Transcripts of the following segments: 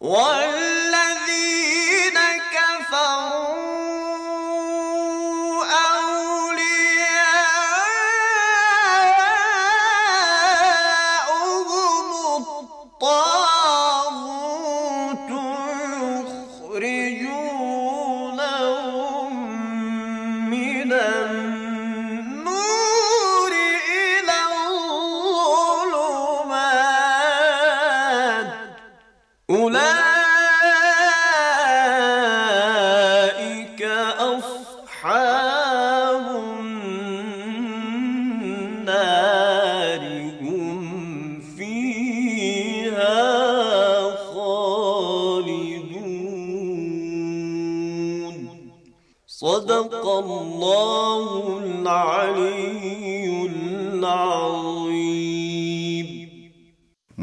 What?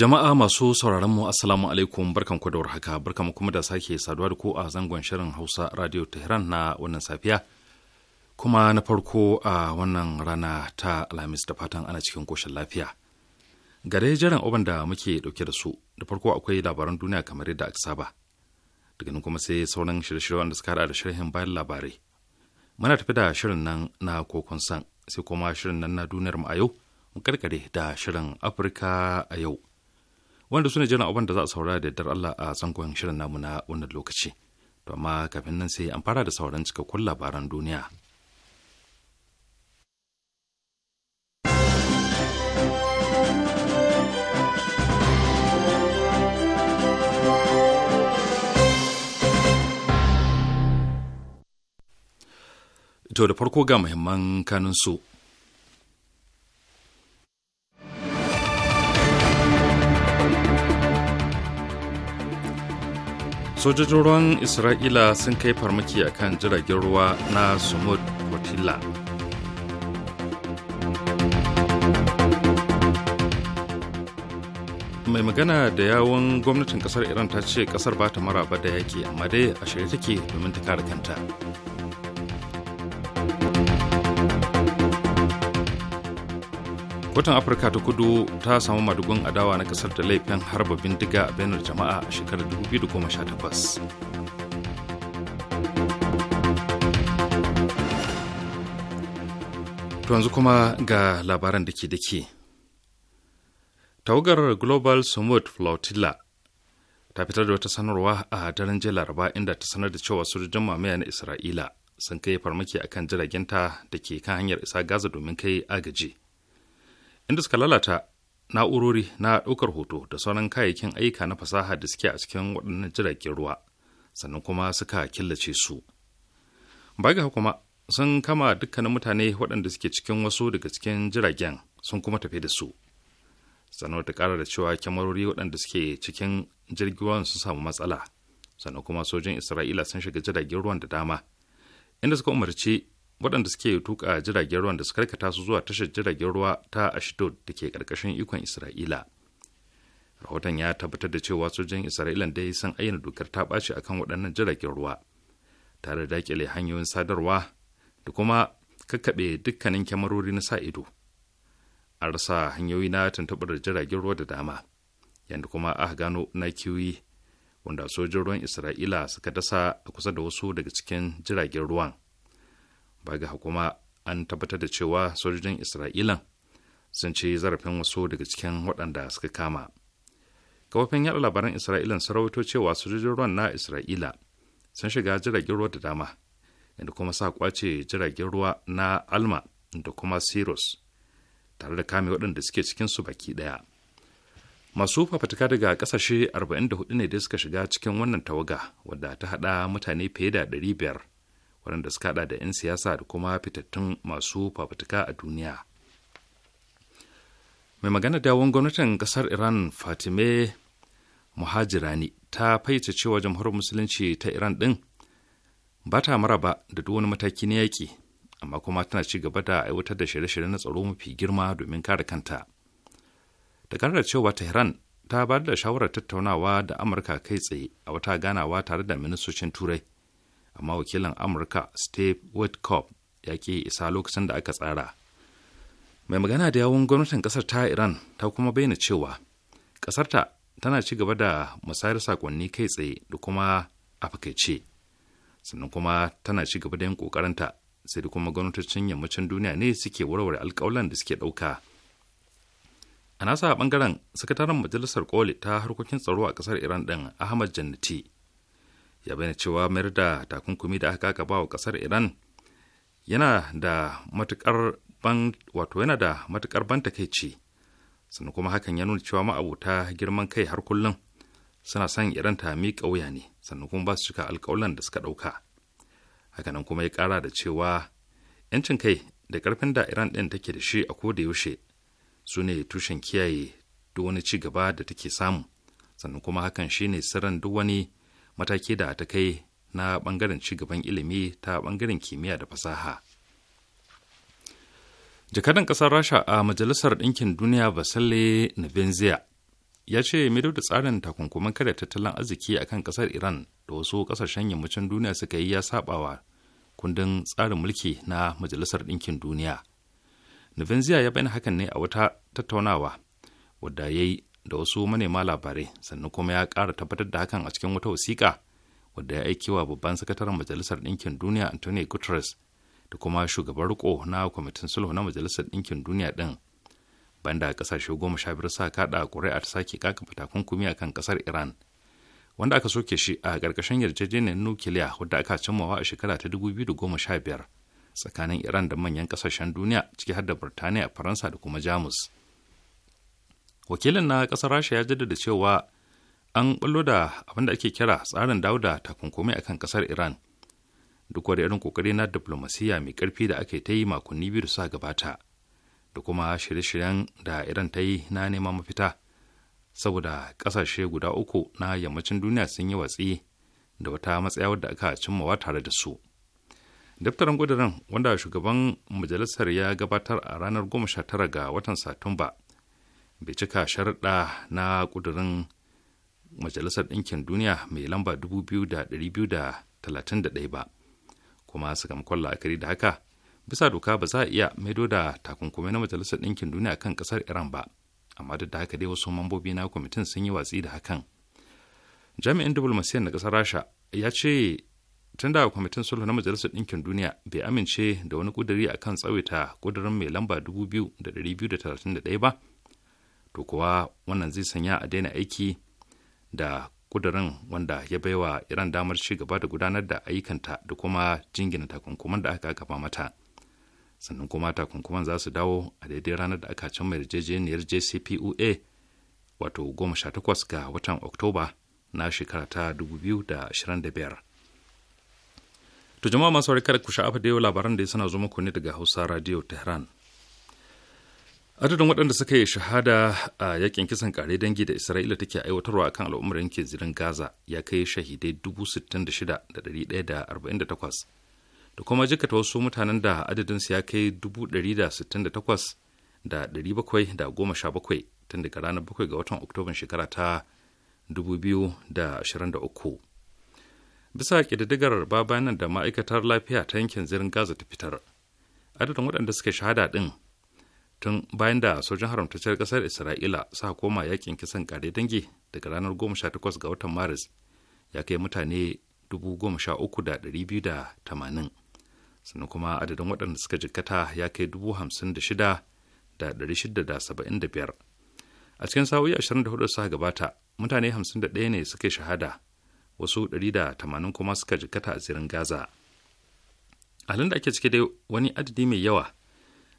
Jama'a masu sauraron mu Assalamu alaikum barkanku da warhaka barkanku kuma da sake saduwa da ku a zangon shirin Hausa Radio Tehran na wannan safiya. Kuma na farko a wannan rana ta Alhamis da fatan ana cikin koshin lafiya. Gare jiran oban da muke dauke da su da farko akwai labaran duniya kamar yadda aka saba. Daga nan kuma sai sauran shirye-shiryen da suka da sharhin bayan labarai. Muna tafi da shirin nan na kokon san sai kuma shirin nan na duniyar mu a yau mu karkare da shirin Afirka a yau. wanda su ne jiran abin da za a saura da yardar Allah a tsangon shirin namu na wannan lokaci. To amma kafin nan sai an fara da sauran cikakkun labaran duniya. To da farko ga muhimman kanunsu. su. sojojin ruwan isra'ila sun kai farmaki a kan jiragen ruwa na sumud watila mai magana da yawon gwamnatin kasar iran ta ce kasar ba ta maraba da yaki amma dai a shirye take domin ta kare kanta kotun afirka ta kudu ta samu madugun adawa na kasar da laifin harba bindiga a bainar jama'a a shekarar 2018 to yanzu kuma ga labaran da ke dake tawagar global summit flotilla ta fitar da wata sanarwa a daren jiya laraba inda ta sanar da cewa sojojin mamaya na isra'ila sun kai farmaki akan jiragenta da ke kan hanyar isa gaza domin kai agaji inda suka lalata na'urori na ɗaukar hoto da sauran kayayyakin aika na fasaha da suke a cikin waɗannan jiragen ruwa sannan kuma suka killace su baga kuma sun kama dukkanin mutane waɗanda suke cikin wasu daga cikin jiragen sun kuma tafi da su sannan ta ƙara da cewa kyamarori waɗanda suke cikin jirgin ruwan sun samu matsala sannan kuma sojin isra'ila sun shiga jiragen ruwan da dama inda suka umarci waɗanda suke tuka jiragen ruwan da su karkata su zuwa tashar jiragen ruwa ta ashdod da ke ƙarƙashin ikon isra'ila rahoton ya tabbatar da cewa sojojin isra'ila da dai san ayyana dokar ta ɓaci akan waɗannan jiragen ruwa tare da daƙile hanyoyin sadarwa da kuma kakkaɓe dukkanin kyamarori na sa ido an rasa hanyoyi na tuntuɓar jiragen ruwa da dama yadda kuma aka gano na kiwi wanda sojin ruwan isra'ila suka dasa a kusa da wasu daga cikin jiragen ruwan ba ga hukuma an tabbatar da cewa sojojin isra'ilan sun ci zarafin wasu daga cikin waɗanda suka kama kafofin yaɗa labaran isra'ilan sun rawaito cewa sojojin ruwan na isra'ila sun shiga jiragen ruwa da dama inda kuma sa kwace jiragen ruwa na alma da kuma sirus tare da kame waɗanda suke cikin su baki ɗaya masu fafatika daga ƙasashe 44 ne da suka shiga cikin wannan tawaga wadda ta haɗa mutane fiye da 500 waɗanda suka haɗa da 'yan siyasa da kuma fitattun masu fafutuka a duniya mai magana dawon gwamnatin ƙasar iran fatime muhajirani ta faice cewa jamhuriyar musulunci ta iran ɗin ba ta maraba da duk wani mataki na yaƙi amma kuma tana ci gaba da aiwatar da shirye-shirye na tsaro mafi girma domin kare kanta da da cewa tehran ta ba da shawarar tattaunawa da amurka kai tsaye a wata ganawa tare da ministocin turai amma wakilin amurka steve whitcomb ya ke isa lokacin da aka tsara mai magana da yawun gwamnatin kasar ta iran ta kuma bayyana cewa ta tana ci gaba da musayar sakonni kai tsaye da kuma afakaice sannan kuma tana ci gaba da yin kokarinta sai da kuma gwamnatocin yammacin duniya ne suke warware alkawalan da suke dauka a nasa bangaren sakataren majalisar koli ta harkokin tsaro a kasar iran din ahmad jannati ya bayyana cewa mayar da takunkumi da aka gaba wa kasar iran yana da matukar ban wato yana da matukar ban takaici sannan kuma hakan ya nuna cewa ma'abuta girman kai har kullum suna son iran ta miƙa kauya ne sannan kuma ba su cika alkawalan da suka ɗauka hakanan kuma ya kara da cewa 'yancin kai da karfin da iran ɗin take da shi a da yaushe su ne tushen kiyaye duk wani ci gaba da take samu sannan kuma hakan shine sirrin duk wani mataki da ta kai na bangaren cigaban ilimi ta bangaren kimiyya da fasaha jakadan kasar rasha a majalisar ɗinkin duniya basile benzia ya ce mido da tsarin takunkuman kada tattalin arziki a kan kasar iran da wasu kasashen yammacin duniya suka yi ya sabawa kundin tsarin mulki na majalisar ɗinkin duniya Nvenziya ya bayyana hakan ne a wata tattaunawa wadda ya yi da wasu manema labarai sannan kuma ya ƙara tabbatar da hakan a cikin wata wasiƙa wadda ya aiki wa babban sakataren majalisar ɗinkin duniya antonio guterres da kuma shugaban riko na kwamitin sulhu na majalisar ɗinkin duniya ɗin banda kasashe goma sha biyar sa kaɗa ƙuri'a ta sake kaka takunkumi a kan ƙasar iran wanda aka soke shi a ƙarƙashin yarjejeniyar nukiliya wadda aka cimmawa a shekara ta dubu da goma sha biyar tsakanin iran da manyan ƙasashen duniya ciki har da burtaniya faransa da kuma jamus wakilin na ƙasar rasha ya jaddada cewa an bullo da abin da ake kira tsarin dawo da takunkumi akan ƙasar iran duk wani irin kokari na diplomasiya mai ƙarfi da aka ta yi makonni biyu da suka gabata da kuma shirye-shiryen da iran ta yi na neman mafita saboda ƙasashe guda uku na yammacin duniya sun yi watsi da wata matsaya wadda aka cimmawa tare da su daftarin ƙudurin wanda shugaban majalisar ya gabatar a ranar 19 ga watan satumba bai cika sharaɗa na ƙudurin majalisar ɗinkin duniya mai lamba 2,231 ba kuma sakamakon la'akari da haka bisa doka ba za a iya maido da takunkumi na majalisar ɗinkin duniya kan ƙasar iran ba amma duk da haka dai wasu mambobi na kwamitin sun yi watsi da hakan jami'in diplomasiyya na ƙasar rasha ya ce tun da kwamitin sulhu na majalisar ɗinkin duniya bai amince da wani ƙuduri akan tsawaita ƙudurin mai lamba 2,231 ba to kuwa wannan zai sanya a daina aiki da kudurin wanda ya baiwa iran damar ci gaba da gudanar da ayyukanta da kuma jingina takunkuman da aka gaba mata sannan kuma takunkuman za su dawo a daidai ranar da aka cimma yarjejeniyar jcpoa wato 18 ga watan oktoba na shekara ta 2025 to jama'a masu kada ku sha'afa da yau labaran da ya sana zo muku ne daga hausa radio tehran adadin waɗanda suka yi shahada a yakin kisan kare dangi da isra'ila take aiwatarwa akan al'ummar yankin zirin gaza ya kai shahidai 66,148 da kuma jikata wasu mutanen da adadinsu ya kai 168,717 tun daga ranar 7 ga watan oktoban shekara ta 2023 bisa ƙididdigar babanan da ma'aikatar lafiya ta yankin zirin gaza ta fitar adadin waɗanda suka shahada ɗin tun bayan da sojin haramtacciyar kasar isra'ila sa koma yakin kisan kare dangi daga ranar 18 ga watan maris ya kai mutane 13,280 sannan kuma adadin waɗanda suka jikkata ya kai 56,675 a cikin sa'o'i 24 suka gabata mutane 51 ne suka shahada wasu 180 kuma suka jikkata a zirin gaza halin da ake cike dai wani adadi mai yawa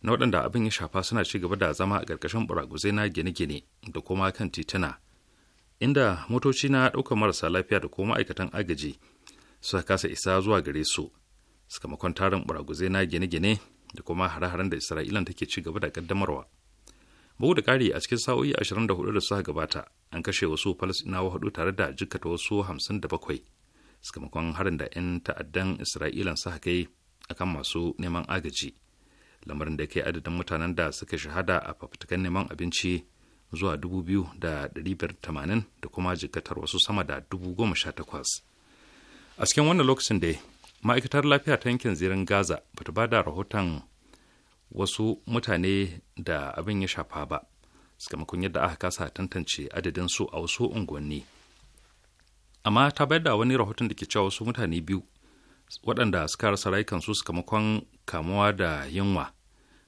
na waɗanda abin ya shafa suna ci gaba da zama a ƙarƙashin buraguzai na gine-gine da kuma kan tituna inda motoci na ɗaukar marasa lafiya da kuma ma'aikatan agaji suka kasa isa zuwa gare su sakamakon tarin buraguzai na gine-gine da kuma hare-haren da isra'ilan take ci gaba da ƙaddamarwa bugu da ƙari a cikin sa'o'i 24 da suka gabata an kashe wasu falasinawa hudu tare da jikkata wasu 57 sakamakon harin da 'yan ta'addan isra'ilan suka kai akan masu neman agaji lamarin da ke adadin mutanen da suka shahada a fafutukan neman abinci zuwa 2,580 da kuma jikatar wasu sama da 18,000 a cikin wannan lokacin da ma'aikatar lafiya ta yankin zirin gaza ba ta ba rahoton wasu mutane da abin ya shafa ba sakamakon yadda aka kasa tantance adadin su a wasu unguwanni amma ta bayar da wani rahoton da ke cewa wasu mutane biyu waɗanda suka rasa rayukansu sakamakon kamuwa da yunwa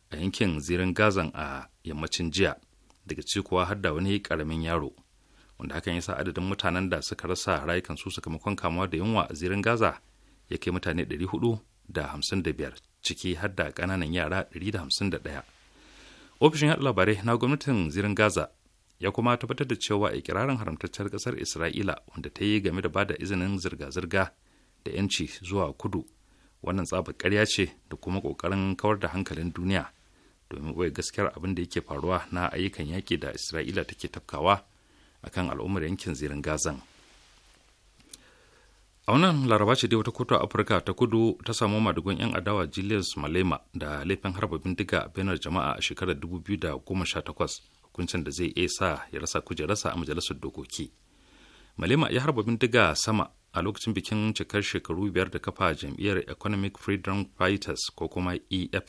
a yankin zirin gazan a yammacin jiya daga ciki kuwa har da wani ƙaramin yaro wanda hakan yasa adadin mutanen da suka rasa rayukansu sakamakon kamuwa da yunwa a zirin gaza ya kai mutane 455 ciki har da ƙananan yara 151 ofishin yaɗa labarai na gwamnatin zirin gaza ya kuma tabbatar da cewa ikirarin haramtaccen ƙasar isra'ila wanda ta yi game da bada izinin zirga-zirga da 'yanci zuwa kudu wannan tsabar karya ce da kuma kokarin kawar da hankalin duniya domin bai gaskiyar abin da yake faruwa na ayyukan yaƙi da isra'ila take tafkawa akan al'ummar yankin zirin gazan a wannan laraba ce dai wata kotu a afirka ta kudu ta samu madugun 'yan adawa julius malema da laifin harba bindiga a bainar jama'a a shekarar 2018 hukuncin da zai iya sa ya rasa kujerarsa a majalisar dokoki malema ya harba bindiga sama a lokacin bikin cikar shekaru biyar da kafa jam'iyyar economic freedom fighters ko kuma eff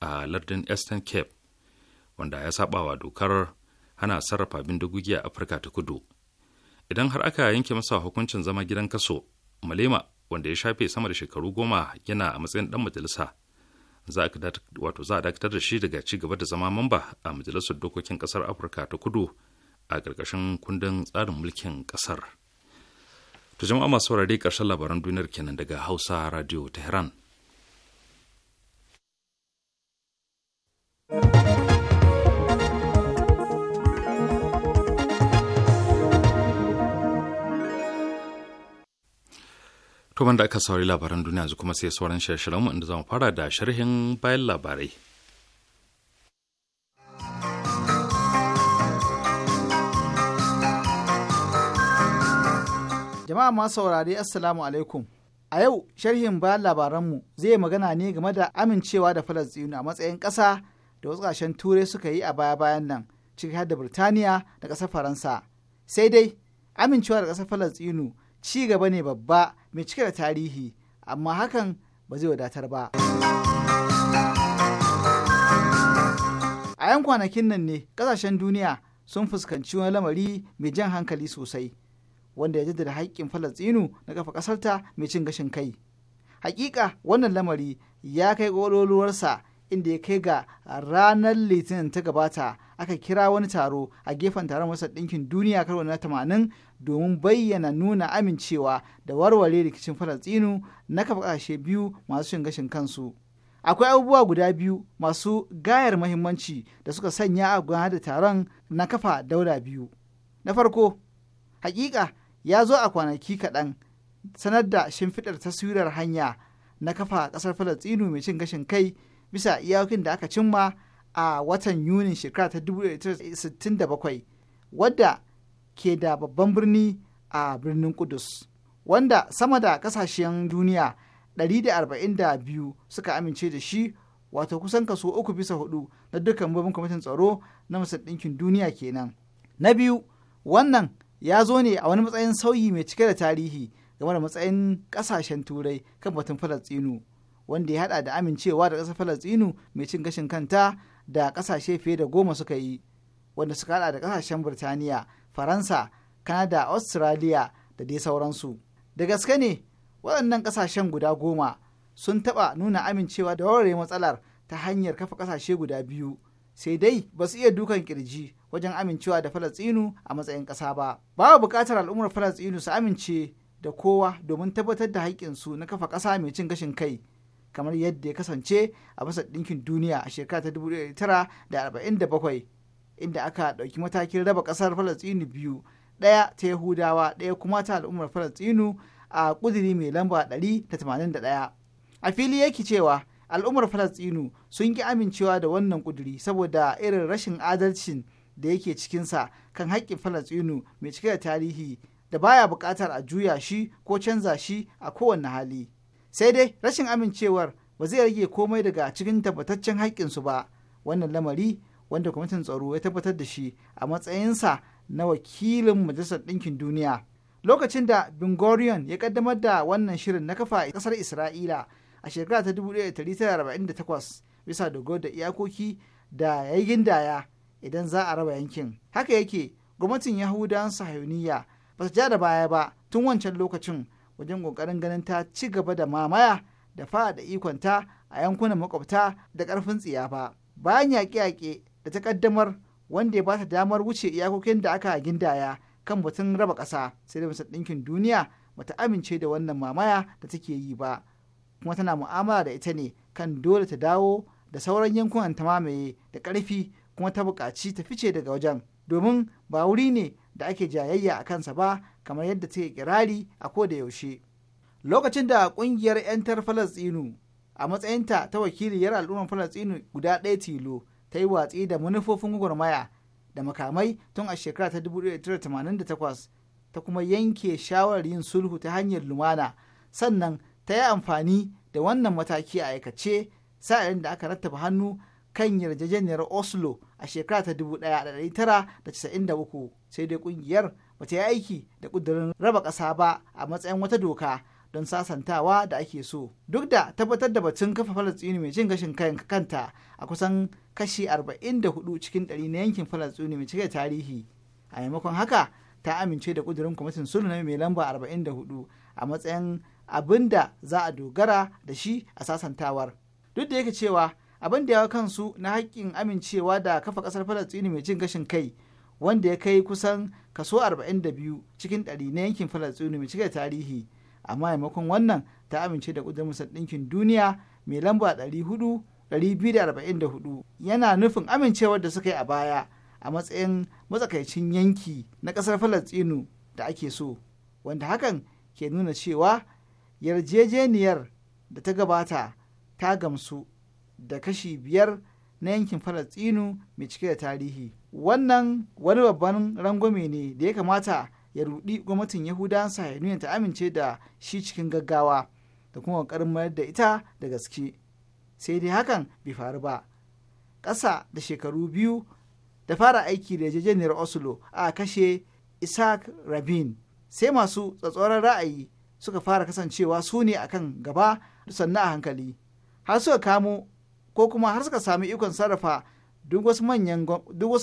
a lardin eastern cape wanda ya sabawa dokar hana sarrafa bindigogi a afirka ta kudu idan har aka yanke masa hukuncin zama gidan kaso malema wanda ya shafe sama da shekaru goma yana a matsayin dan majalisa za a wato za dakatar da shi daga ci gaba da zama mamba a majalisar dokokin kasar afirka ta kudu a ƙarƙashin kundin tsarin mulkin ƙasar. To jama'a masu saurare ƙarshen labaran duniyar kenan daga Hausa Radio Tehran. To da aka saurari labaran duniya yanzu kuma sai sauran shirye-shiryenmu inda zamu fara da sharhin bayan labarai. Jama'a masu saurare Assalamu alaikum. A yau sharhin bayan labaranmu zai yi magana ne game da amincewa da Falasɗinu a matsayin ƙasa da wasu ƙasashen Turai suka yi a baya-bayan nan ciki har da Birtaniya da ƙasar Faransa. Sai dai amincewa da ƙasar Falasɗinu ci gaba ne babba mai cike da tarihi amma hakan ba zai wadatar ba. A 'yan kwanakin nan ne ƙasashen duniya sun fuskanci wani lamari mai jan hankali sosai. wanda ya jaddada haƙƙin falastinu na kafa ƙasarta mai cin gashin kai Haƙiƙa, wannan lamari ya kai ƙololuwarsa inda ya kai ga ranar litinin ta gabata aka kira wani taro a gefen taron wasan ɗinkin duniya karo na tamanin domin bayyana nuna amincewa da warware rikicin falastinu na kafa ƙasashe biyu masu cin gashin kansu akwai abubuwa guda biyu masu gayar mahimmanci da suka sanya a da taron na kafa daula biyu na farko hakika ya zo a kwanaki kaɗan sanar da shimfiɗar taswirar hanya na kafa ƙasar falastinu mai cin gashin kai bisa iyakokin da aka cimma a watan yunin shekara ta 1967 wadda ke da babban birni a birnin kudus wanda sama da ƙasashen duniya 142 suka amince da shi wato kusan kaso uku bisa hudu na dukkan babban kwamitin tsaro na masar ɗinkin duniya kenan na biyu wannan ya zo ne a wani matsayin sauyi mai cike da tarihi game da matsayin ƙasashen turai kan batun falastinu wanda ya haɗa da amincewa da ƙasar falastinu mai cin gashin kanta da ƙasashe fiye da goma suka yi wanda suka haɗa da ƙasashen birtaniya faransa kanada australia da dai sauransu da gaske ne waɗannan ƙasashen guda goma sun taɓa nuna amincewa da warware matsalar ta hanyar kafa ƙasashe guda biyu sai dai ba su iya dukan kirji wajen amincewa da falastinu a matsayin ƙasa ba babu buƙatar al'ummar falastinu su amince da kowa domin tabbatar da haƙƙinsu na kafa ƙasa mai cin gashin kai kamar yadda ya kasance a basa ɗinkin duniya a shekara ta 1947 inda aka ɗauki matakin raba ƙasar falastinu biyu ɗaya ta yahudawa ɗaya kuma ta al'ummar Falasinu a ƙuduri mai lamba 181 a fili yake cewa al'ummar falastinu sun ki amincewa da wannan ƙudiri saboda irin rashin adalcin da yake cikinsa kan haƙƙin falastinu mai cike da tarihi da baya buƙatar a juya shi ko canza shi a kowane hali sai dai rashin amincewar ba zai rage komai daga cikin tabbataccen haƙƙinsu ba wannan lamari wanda kwamitin tsaro ya tabbatar da shi a matsayinsa na wakilin majalisar ɗinkin duniya lokacin da bingorion ya kaddamar da wannan shirin na kafa a ƙasar isra'ila a shekara ta 1948 bisa dogo da iyakoki da ya yi gindaya idan za a raba yankin haka yake gwamnatin yahudan sahiyuniya ba su ja da baya ba tun wancan lokacin wajen kokarin ganin ta ci gaba da mamaya da fada ikonta a yankunan makwabta da ƙarfin tsiya ba bayan yaƙe-yaƙe da ta ƙaddamar wanda ya ba ta damar wuce iyakokin da aka gindaya kan batun raba ƙasa sai da ɗinkin duniya bata amince da wannan mamaya da take yi ba kuma tana mu'amala da ita ne kan dole ta dawo da sauran yankunan ta mamaye da ƙarfi kuma ta buƙaci ta fice daga wajen domin ba wuri ne da ake jayayya a kansa ba kamar yadda take kirari a ko da yaushe lokacin da ƙungiyar 'yantar falastinu a matsayinta ta wakiliyar al'ummar falastinu guda ɗaya tilo ta yi watsi da manufofin gwagwarmaya da makamai tun a shekara ta 1988 ta kuma yanke shawarar yin sulhu ta hanyar lumana sannan ta yi amfani da wannan mataki a aikace sa'ilin da aka rattaba hannu kan yarjejeniyar oslo a shekara ta dubu ɗaya da da da tara casa'in uku. sai dai ƙungiyar ba ta yi aiki da kudurin raba ƙasa ba a matsayin wata doka don sasantawa da ake so duk da tabbatar da batun kafa falastini mai cin gashin kanta a kusan kashi arba'in 44 cikin ɗari na yankin falastini mai cike tarihi a maimakon haka ta amince da kudurin kwamitin sulhu na mai lamba 44 a matsayin abin da za a dogara da shi a sasantawar duk da yake cewa abin da ya kansu na haƙƙin amincewa da kafa ƙasar falastini mai cin gashin kai wanda ya kai kusan kaso 42 cikin 100 na yankin falastini mai cike tarihi amma maimakon wannan ta amince da ƙudurin ɗinkin duniya mai lamba 244 yana nufin amincewar da suka yi a baya a matsayin matsakaicin yanki na ƙasar falastini da ake so wanda hakan ke nuna cewa yarjejeniyar da ta gabata ta gamsu da kashi biyar na yankin falastinu mai cike da tarihi wannan wani babban rangwame ne da ya kamata ya rudi gwamnatin yahudan nuna ta amince da shi cikin gaggawa da kuma ƙoƙarin mayar da ita da gaske sai dai hakan bai faru ba ƙasa da shekaru biyu da fara aiki da yarjejeniyar oslo a kashe isaac rabin sai masu tsatsoron ra'ayi suka fara kasancewa su ne a kan gaba sannan a hankali har suka kamo ko kuma har suka sami ikon sarrafa duk wasu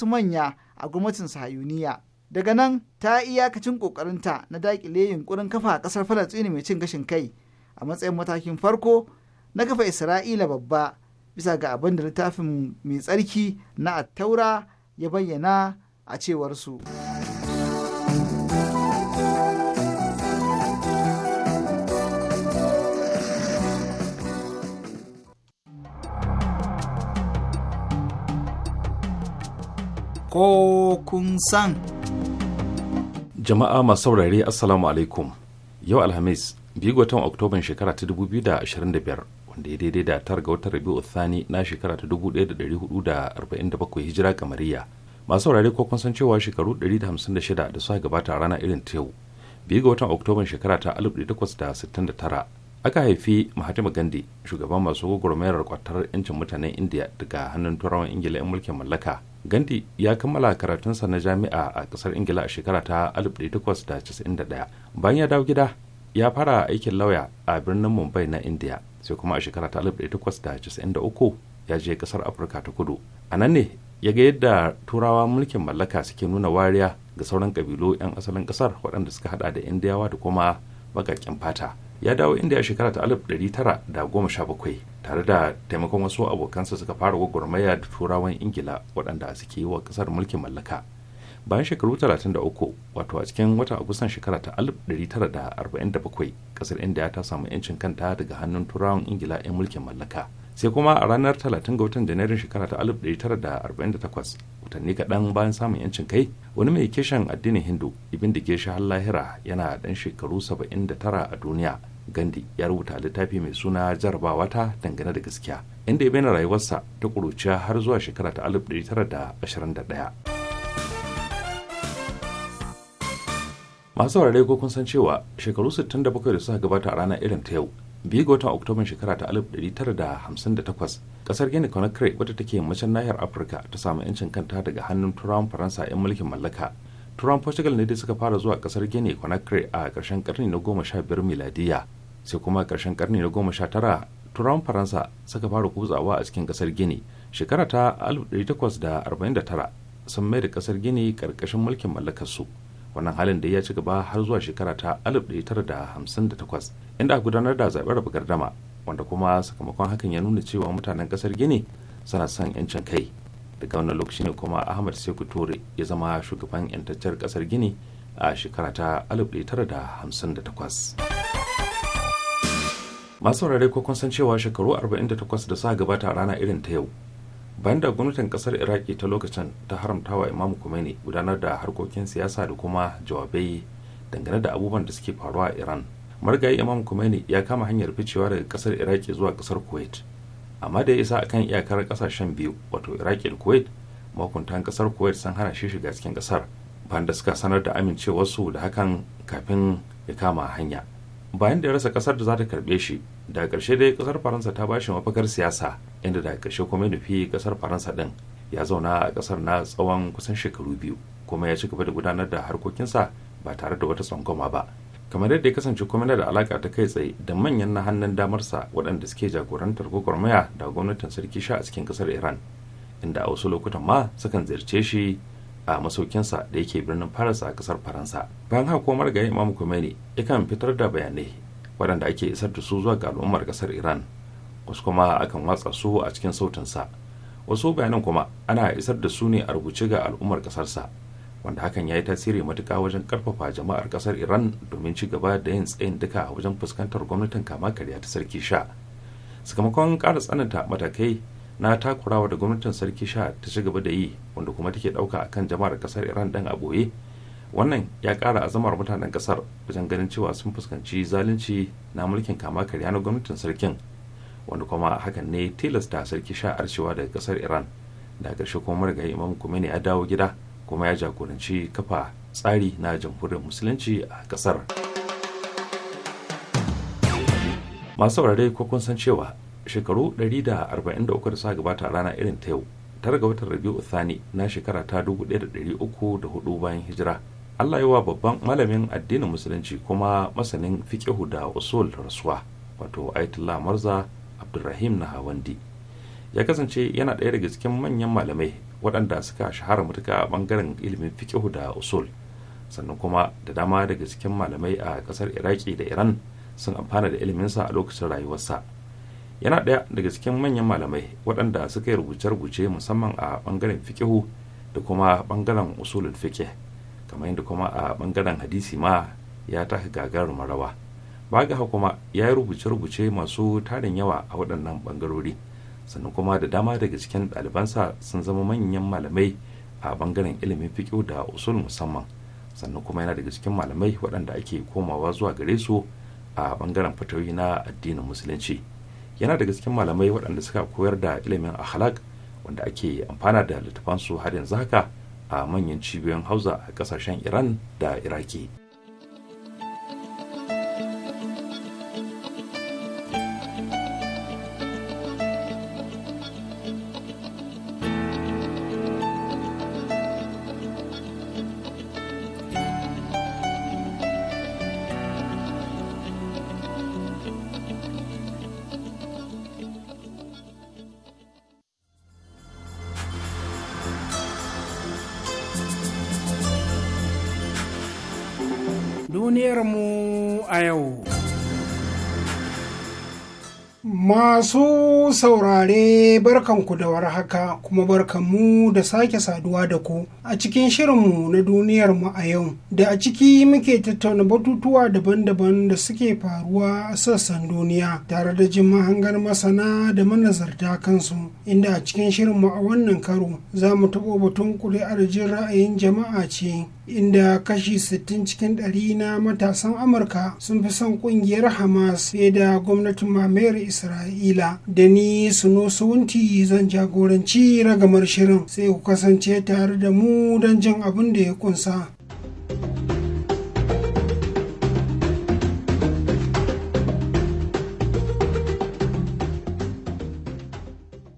manya a gwamnatin sahayuniya daga nan ta iyakacin kokarinta na dakile yunkurin kafa kasar falastini mai cin gashin kai a matsayin matakin farko na kafa isra'ila babba bisa ga abin da littafin mai tsarki na attaura ya bayyana a cewarsu. su ko kun san. Jama'a masu saurare Assalamu alaikum. Yau Alhamis, biyu watan Oktoban shekara ta 2025 wanda ya daidai da tar ga watan Rabi'u Thani na shekara ta 1447 Hijira kamariya. Masu saurare ko kun san cewa shekaru 156 da suka gabata a rana irin ta yau. Biyu ga watan Oktoban shekara ta 1869 aka haifi mahatma gandhi shugaban masu gwagwarmayar kwatar 'yancin mutanen india daga hannun turawan ingila 'yan mulkin mallaka gandhi ya kammala karatunsa na jami'a a kasar ingila a shekara ta 1891 bayan ya dawo gida ya fara aikin lauya a birnin mumbai na india sai kuma a shekara ta 1893 ya je kasar afirka ta kudu a nan ne ya ga yadda turawa mulkin mallaka suke nuna wariya ga sauran kabilu 'yan asalin kasar waɗanda suka hada da indiyawa da kuma baƙaƙen fata ya dawo inda ya shekara ta 1917 tare da taimakon wasu abokansa suka fara gwagwarmaya da turawan ingila waɗanda suke yi wa ƙasar mulkin mallaka bayan shekaru 33 wato a cikin watan agustan shekara ta 1947 ƙasar india ta samu 'yancin kanta daga hannun turawan ingila 'yan mulkin mallaka sai kuma a ranar 30 ga watan janairun shekara ta 1948 watanni kaɗan bayan samun yancin kai wani mai kishin addinin hindu ibin da shi har lahira yana ɗan shekaru tara a duniya gandi ya rubuta littafi mai suna jarabawa ta dangane da gaskiya inda ya bayyana rayuwarsa ta ƙuruciya har zuwa shekara ta 1921 masu warare ko kun san cewa shekaru 67 da suka gabata a ranar irin ta yau biyu ga watan oktoban shekara ta 1958 kasar gini conakry wadda take yammacin nahiyar afirka ta samu 'yancin kanta daga hannun turawan faransa 'yan mulkin mallaka turan portugal ne dai suka fara zuwa kasar gini conakry a ƙarshen karni na goma sha biyar miladiya sai kuma ƙarshen karni na goma sha tara turan faransa suka fara kutsawa a cikin kasar gini shekara ta 1849 sun mai da kasar gini ƙarƙashin mulkin mallakarsu wannan halin da ya ci gaba har zuwa shekara ta 1958 inda gudanar da zaɓen raba gardama wanda kuma sakamakon hakan ya nuna cewa mutanen kasar gini suna son 'yancin kai daga wannan lokaci ne kuma ahmad seku ture ya zama shugaban yantacciyar kasar gini a shekara ta 1958 masu saurare ko kun san cewa shekaru 48 da sa gabata a rana irin ta yau bayan da gwamnatin kasar iraki ta lokacin ta haramta wa imamu khomeini gudanar da harkokin siyasa da kuma jawabai dangane da abubuwan da suke faruwa a iran marigayi imam kumaini ya kama hanyar ficewa daga kasar iraki zuwa kasar kuwait amma da ya isa kan iyakar kasashen biyu wato iraki da kuwait makuntan kasar kuwait sun hana shi shiga cikin kasar bayan da suka sanar da amincewarsu da hakan kafin ya kama hanya bayan da ya rasa kasar da za ta karbe shi daga karshe dai kasar faransa ta bashi mafakar siyasa inda daga karshe kuma ya nufi kasar faransa din ya zauna a kasar na tsawon kusan shekaru biyu kuma ya ci gaba da gudanar da harkokinsa ba tare da wata tsangwama ba kamar yadda ya kasance kuma da alaka ta kai tsaye da manyan na hannun damarsa waɗanda suke jagorantar gwagwarmaya da gwamnatin sarki sha a cikin ƙasar iran inda a wasu lokutan ma sukan ziyarce shi a masaukinsa da yake birnin paris a kasar faransa bayan haka kuma marigayi imam ya yakan fitar da bayanai waɗanda ake isar da su zuwa ga al'ummar kasar iran wasu kuma akan watsa su a cikin sautinsa wasu bayanan kuma ana isar da su ne a rubuce ga al'ummar ƙasarsa wanda hakan ya yi tasiri matuƙa wajen karfafa jama'ar ƙasar iran domin ci gaba da yin tsayin duka wajen fuskantar gwamnatin kama karya ta sarki sha sakamakon ƙara tsananta matakai na takurawa da gwamnatin sarki sha ta ci gaba da yi wanda kuma take ɗauka a kan jama'ar ƙasar iran dan a ɓoye wannan ya ƙara azamar mutanen ƙasar wajen ganin cewa sun fuskanci zalunci na mulkin kama karya na gwamnatin sarkin wanda kuma hakan ne tilasta sarki sha arcewa daga ƙasar iran da ƙarshe kuma marigayi imam kumeni ya dawo gida kuma ya jagoranci kafa tsari na jamhuriyar musulunci a kasar masu saurare ko kun san cewa shekaru 143 da suka gabata rana irin ta yau tare ga watan rabiu thani na shekara ta 1304 bayan hijira allah yi wa babban malamin addinin musulunci kuma masanin fiqihu da usul rasuwa wato ayatollah marza abdulrahim na hawandi ya kasance yana ɗaya daga cikin manyan malamai waɗanda suka shahara matuka a ɓangaren ilimin fikihu da usul sannan kuma da dama daga cikin malamai a ƙasar iraki da iran sun amfana da iliminsa a lokacin rayuwarsa yana ɗaya daga cikin manyan malamai waɗanda suka yi rubuce-rubuce musamman a ɓangaren fikihu da kuma ɓangaren usulul fikih kamar yadda kuma a ɓangaren hadisi ma ya taka gagarar marawa ba ga kuma ya yi rubuce-rubuce masu tarin yawa a waɗannan ɓangarori. sannan kuma da dama daga cikin ɗalibansa sun zama manyan malamai a bangaren ilimin fiƙo da usul musamman sannan kuma yana daga cikin malamai waɗanda ake komawa zuwa gare su a bangaren fatawi na addinin musulunci yana daga cikin malamai waɗanda suka koyar da ilimin ahlak wanda ake amfana da littafansu har yanzu haka a manyan cibiyoyin hausa a ƙasashen iran da iraki Masu saurare barkanku da warhaka kuma barkanmu da sake saduwa da ku a cikin shirinmu na duniyarmu a yau da a ciki muke tattauna batutuwa daban-daban da suke faruwa a sassan duniya tare da jin mahangar masana da manazarta kansu inda a cikin shirinmu a wannan karo za mu taɓo batun ƙuri'ar jin ra'ayin jama'a ce inda kashi 60 cikin ɗari na matasan amurka sun fi son ƙungiyar hamas fiye da gwamnatin mamayar isra'ila da ni suno suwunti zan jagoranci ragamar shirin sai ku kasance tare da mu don jin abin da ya kunsa.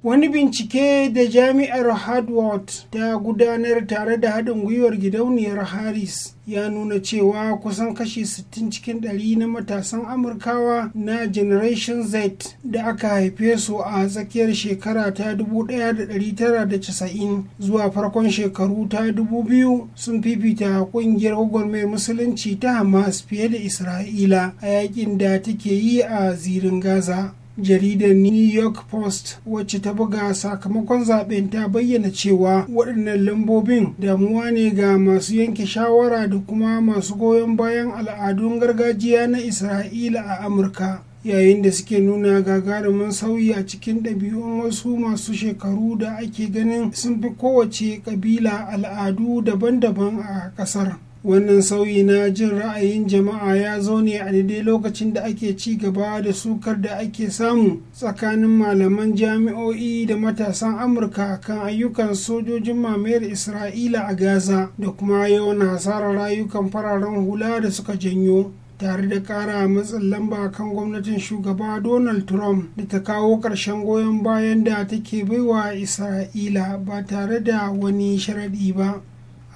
wani bincike da jami'ar harvard ta gudanar tare da haɗin gwiwar gidauniyar harris ya nuna cewa kusan kashi 60 cikin ɗari na matasan amurkawa na generation z da aka haife su a tsakiyar shekara ta 1990 zuwa farkon shekaru ta 2000 sun fifita kungiyar gwagwarmayar musulunci ta hamas fiye da isra'ila a yakin da take yi a zirin gaza jaridar new york post wacce ta buga sakamakon zaben ta bayyana cewa waɗannan lambobin damuwa ne ga masu yanke shawara da kuma masu goyon bayan al'adun gargajiya na isra'ila a amurka yayin da suke nuna gagarumin sauyi a cikin ɗabi'un wasu masu shekaru da ake ganin sun fi kowace ƙabila al'adu daban-daban a ƙasar wannan sauyi na jin ra'ayin jama'a ya zo ne a daidai lokacin da ake ci gaba da sukar da ake samu tsakanin malaman jami'o'i da matasan amurka kan ayyukan sojojin mamayar isra'ila a gaza da kuma yawan hasarar rayukan fararen hula da suka janyo tare da kara matsin lamba kan gwamnatin shugaba donald trump da ta kawo ƙarshen goyon bayan da take baiwa isra'ila ba tare da wani sharaɗi ba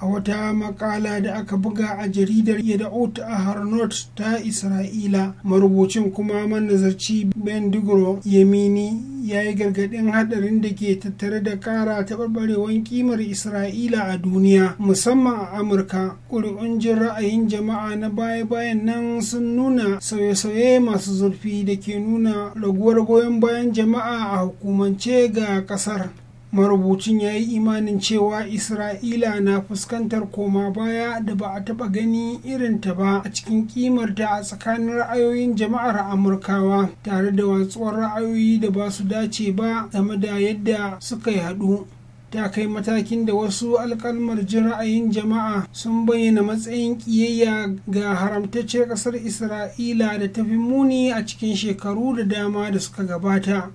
a wata makala da aka buga a jaridar yadda'ut a harnot ta isra'ila marubucin kuma manazarci bendigro yamini ya yi gargaɗin haɗarin da ke tattare da ƙara taɓarɓarewar ƙimar isra'ila a duniya musamman a amurka ƙuri'un jin ra'ayin jama'a na baya-bayan nan sun nuna sauye-sauye masu zurfi da ke nuna raguwar goyon bayan jama'a a hukumance ga ƙasar marubucin ya yi imanin cewa isra'ila na fuskantar koma baya da ba a taɓa gani irin ta ba a cikin kimarta a tsakanin ra'ayoyin jama'ar amurkawa tare da watsuwar ra'ayoyi da ba su dace ba game da yadda suka yi haɗu ta kai matakin da wasu alkalmar jin ra'ayin jama'a sun bayyana matsayin ƙiyayya ga haramtacciyar ƙasar isra'ila da tafi muni a cikin shekaru da dama da suka gabata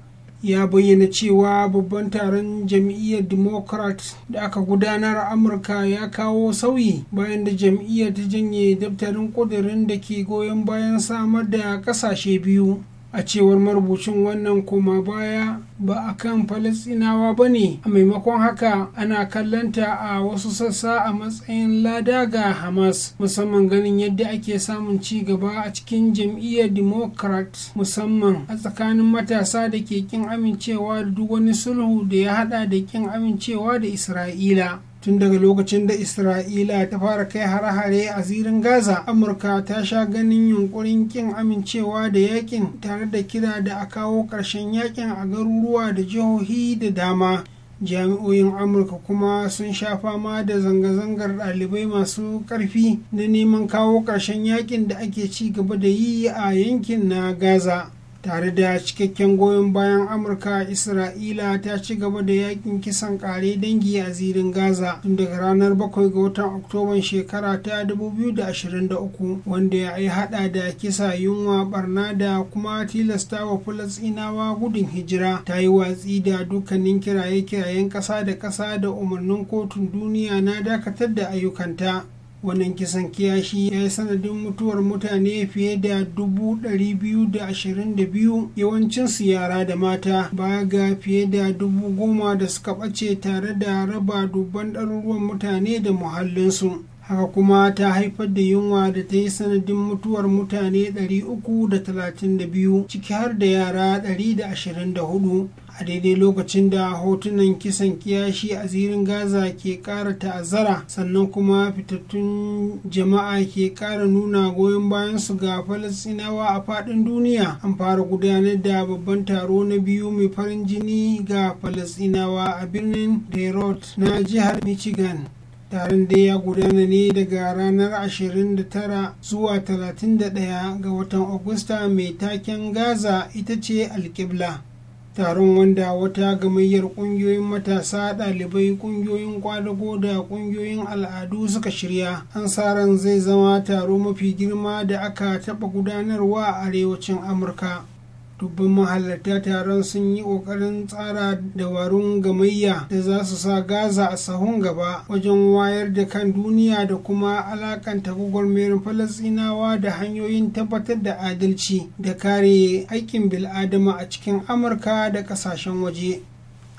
ya bayyana cewa babban taron jam'iyyar democrat da aka gudanar amurka ya kawo sauyi bayan da jam'iyyar ta janye daftarin kudirin da ke goyon bayan samar da kasashe biyu a cewar marubucin wannan koma baya ba a kan falasinawa ba ne a maimakon haka ana kallanta a wasu sassa a matsayin lada ga hamas musamman ganin yadda ake samun ci gaba a cikin jam'iyyar democrat musamman a tsakanin matasa da ke kin amincewa da duk wani sulhu da ya hada da kin amincewa da isra'ila tun daga lokacin da isra'ila ta fara kai hare-hare a zirin gaza amurka ta sha ganin yunkurin kin amincewa da yakin tare da kira da a kawo ƙarshen yakin a garuruwa da jihohi da dama jami'oyin amurka kuma sun sha fama da zanga-zangar ɗalibai masu ƙarfi na neman kawo ƙarshen yakin da ake ci gaba da yi a yankin na gaza tare da cikakken goyon bayan amurka isra'ila ta ci gaba da yakin kisan kare dangi a zirin gaza tun daga ranar 7 ga watan oktoban shekara ta 2023 wanda ya yi hada da kisa yunwa barna da kuma tilasta wa fulatsinawa gudun hijira ta yi watsi da dukkanin kiraye-kirayen kasa da kasa da umarnin kotun duniya na dakatar da ayyukanta wannan kisan kiyashi ya yi sanadin mutuwar mutane fiye da dubu da 222 su yara da mata baya ga fiye da dubu goma da suka ɓace tare da raba dubban ɗaruruwan mutane da muhallinsu haka kuma ta haifar da yunwa da ta yi sanadin mutuwar mutane 332 ciki har da yara 124 a daidai lokacin da hotunan kisan kiyashi a zirin gaza ke kara ta'azzara sannan kuma fitattun jama'a ke kara nuna goyon bayan su ga falasinawa a fadin duniya an fara gudanar da babban taro na biyu mai farin jini ga falasinawa a birnin Detroit na jihar michigan taron da ya gudana ne daga ranar 29 zuwa 31 ga watan Agusta mai taken gaza ita ce alkibla taron wanda wata gamayyar ƙungiyoyin matasa ɗalibai ƙungiyoyin kwadago da ƙungiyoyin al'adu suka shirya an saran zai zama taro mafi girma da aka taɓa gudanarwa a arewacin amurka dubban mahalarta taron sun yi kokarin tsara dabarun gamayya da za su sa gaza a sahun gaba wajen wayar da kan duniya da kuma alakanta gwagwarmayar falasinawa da hanyoyin tabbatar da adalci da kare aikin bil'adama a cikin amurka da ƙasashen waje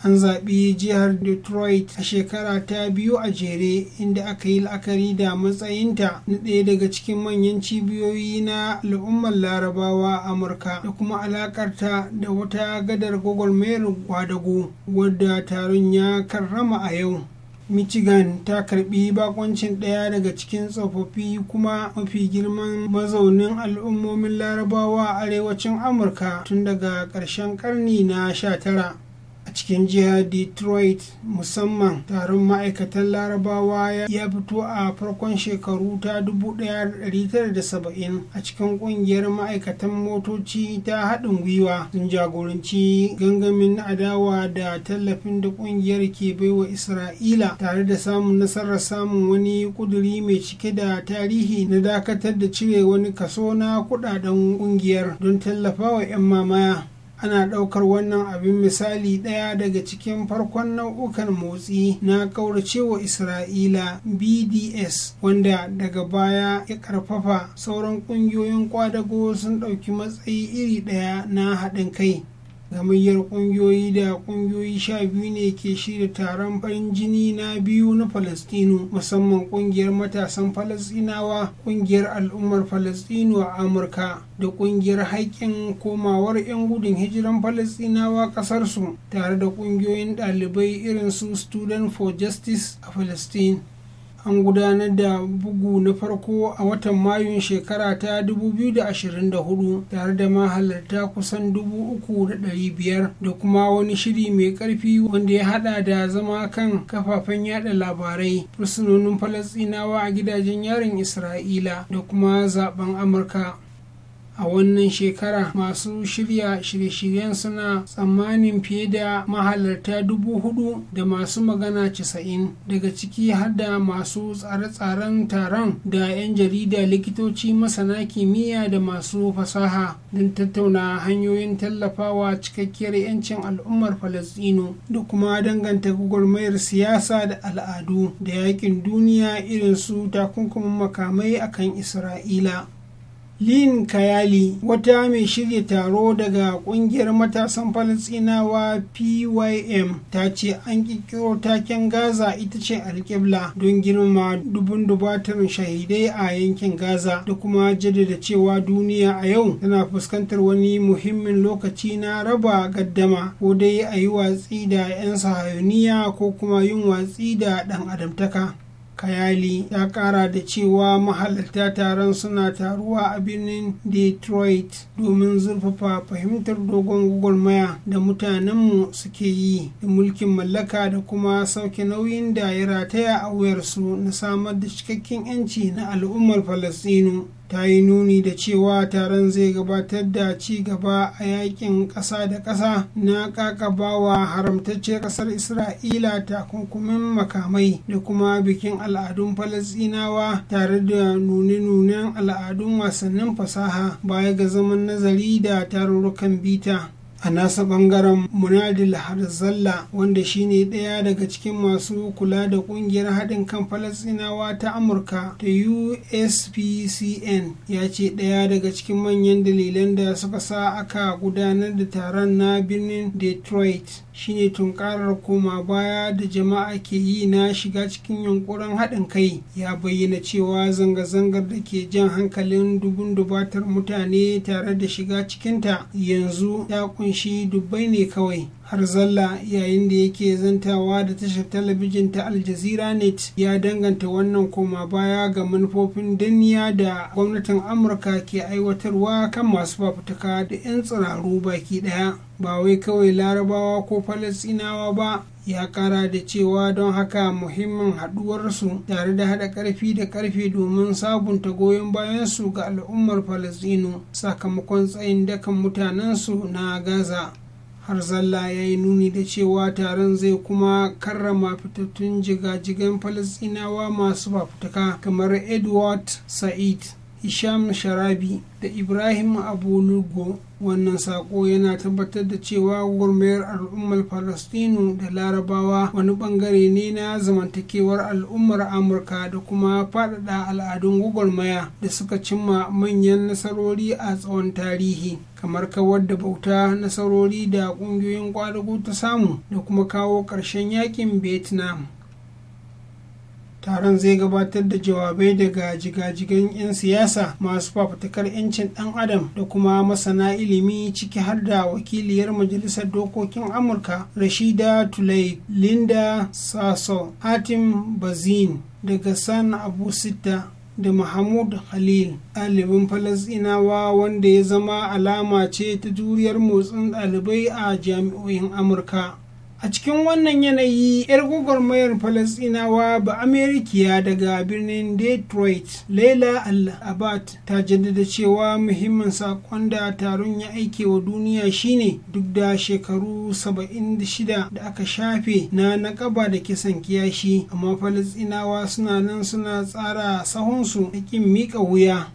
an zaɓi jihar detroit a shekara ta biyu a jere inda aka yi la'akari da matsayinta na ɗaya daga cikin manyan cibiyoyi na al'ummar larabawa a amurka da kuma alakarta da wata gadar Gogol mayar kwadago wadda taron ya karrama a yau michigan ta karbi bakoncin ɗaya daga cikin tsofaffi kuma mafi girman mazaunin al'ummomin larabawa a arewacin amurka tun daga ƙarshen karni na 19 cikin jihar detroit musamman taron ma'aikatan larabawa ya fito a farkon shekaru ta 1970 a cikin kungiyar ma'aikatan motoci ta haɗin gwiwa sun jagoranci gangamin adawa da tallafin da kungiyar ke baiwa isra'ila tare da samun nasarar samun wani kuduri mai cike da tarihi na dakatar da cire wani kaso na kudaden kungiyar don tallafawa 'yan mamaya ana ɗaukar wannan abin misali ɗaya daga cikin farkon nau'ukan motsi na kauracewa isra'ila bds wanda daga baya ya karfafa sauran ƙungiyoyin kwadago sun ɗauki matsayi iri ɗaya na haɗin kai gamayyar ƙungiyoyi da ƙungiyoyi sha biyu ne ke shirya taron farin jini na biyu na falastinu musamman ƙungiyar matasan falastinawa ƙungiyar al'ummar falastinu a amurka da ƙungiyar haƙƙin komawar 'yan gudun hijiran falastinawa ƙasarsu tare da ƙungiyoyin ɗalibai irin su student for justice a falastin an gudanar da bugu na farko a watan mayun shekara ta 2024 tare da mahalarta kusan 3,500 da kuma wani shiri mai karfi wanda ya hada da zama kan kafafen yada labarai fursunonin falasinawa a gidajen yarin isra'ila da kuma zaben amurka a wannan shekara masu shirya shirye-shiryen suna tsammanin fiye da mahalarta dubu hudu da masu magana casa'in daga ciki har da masu tsare-tsaren taron da 'yan jarida likitoci masana kimiyya da masu fasaha don tattauna hanyoyin tallafawa cikakkiyar 'yancin al'ummar Falasdino. da kuma danganta gwagwarmayar siyasa da al'adu da yakin duniya irin su takunkumin makamai akan isra'ila lin kayali wata mai shirya taro daga kungiyar matasan falasinawa pym ta ce an ƙirƙiro taken gaza ita ce alƙibla don girma dubun dubatar shahidai a yankin gaza da kuma jaddada cewa duniya a yau tana fuskantar wani muhimmin lokaci na raba gaddama ko dai a yi watsi da 'yan sahayoniya ko kuma yin watsi da ɗan adamtaka kayali ya kara da cewa mahalarta taron suna taruwa a birnin detroit domin zurfafa fahimtar dogon gwagwarmaya da mutanenmu suke yi da mulkin mallaka da kuma sauke nauyin da ya rataya a wuyarsu na samar da cikakken 'yanci na al'ummar Falasdinu. ta yi nuni da cewa taron zai gabatar da ci gaba a yakin ƙasa da ƙasa na ƙaƙabawa haramtacciyar ƙasar isra'ila takunkumin makamai da kuma bikin al'adun falasinawa tare da nune-nunen al'adun wasannin fasaha baya ga zaman nazari da tarurrukan bita a nasa bangaren munadil harzalla wanda shine ɗaya daga cikin masu kula da kungiyar haɗin kan falasinawa ta amurka ta uspcn ya ce ɗaya daga cikin manyan dalilan da suka sa aka gudanar da taron na birnin detroit shine tunkarar koma baya da jama'a ke yi na shiga cikin yunkurin haɗin kai ya bayyana cewa zanga-zangar da ke jan hankalin dubun dubatar mutane tare da shiga cikinta yanzu ya kunshi dubbai ne kawai har zalla yayin da yake zantawa da tashar talabijin ta aljazeera net ya danganta wannan koma baya ga manufofin duniya da gwamnatin amurka ke aiwatarwa kan masu fafutuka da 'yan tsiraru baki daya ba wai kawai larabawa ko falasinawa ba ya kara da cewa don haka muhimmin haduwarsu tare da haɗa ƙarfi da ƙarfe domin sabunta goyon bayansu ga al'ummar falasino sakamakon tsayin dakan mutanensu na gaza har zalla ya yi nuni da cewa taron zai kuma karrama fitattun jigajigan falasinawa masu fafutuka kamar edward sa'id Isham Sharabi da Ibrahim Abu Lugo wannan sako yana tabbatar da cewa gurmayar al'ummar Falastinu da Larabawa wani bangare ne na zamantakewar al'ummar Amurka da kuma faɗaɗa al'adun gwagwarmaya da suka cimma manyan nasarori a tsawon tarihi. kamar kawar da bauta nasarori da kungiyoyin kwadago ta samu da kuma kawo ƙarshen yakin vietnam taron zai gabatar da jawabai daga jigajigan 'yan siyasa masu fafutukar 'yancin ɗan adam da kuma masana ilimi ciki har da wakiliyar majalisar dokokin amurka rashida tulai linda sasso hatim bazin daga san abu sita. da mahmud khalil ɗalibin falasinawa wanda ya zama alama ce ta juriyar motsin ɗalibai a jami'o'in amurka a cikin wannan yanayi 'yar gwagwarmayar falasinawa ba amerikiya daga birnin detroit laila al-abad ta jaddada cewa muhimmin sakon da taron ya aike wa duniya shine duk da shekaru 76 da aka shafe na nakaba da kisan kiyashi amma falasinawa suna nan suna tsara sahunsu da kin miƙa wuya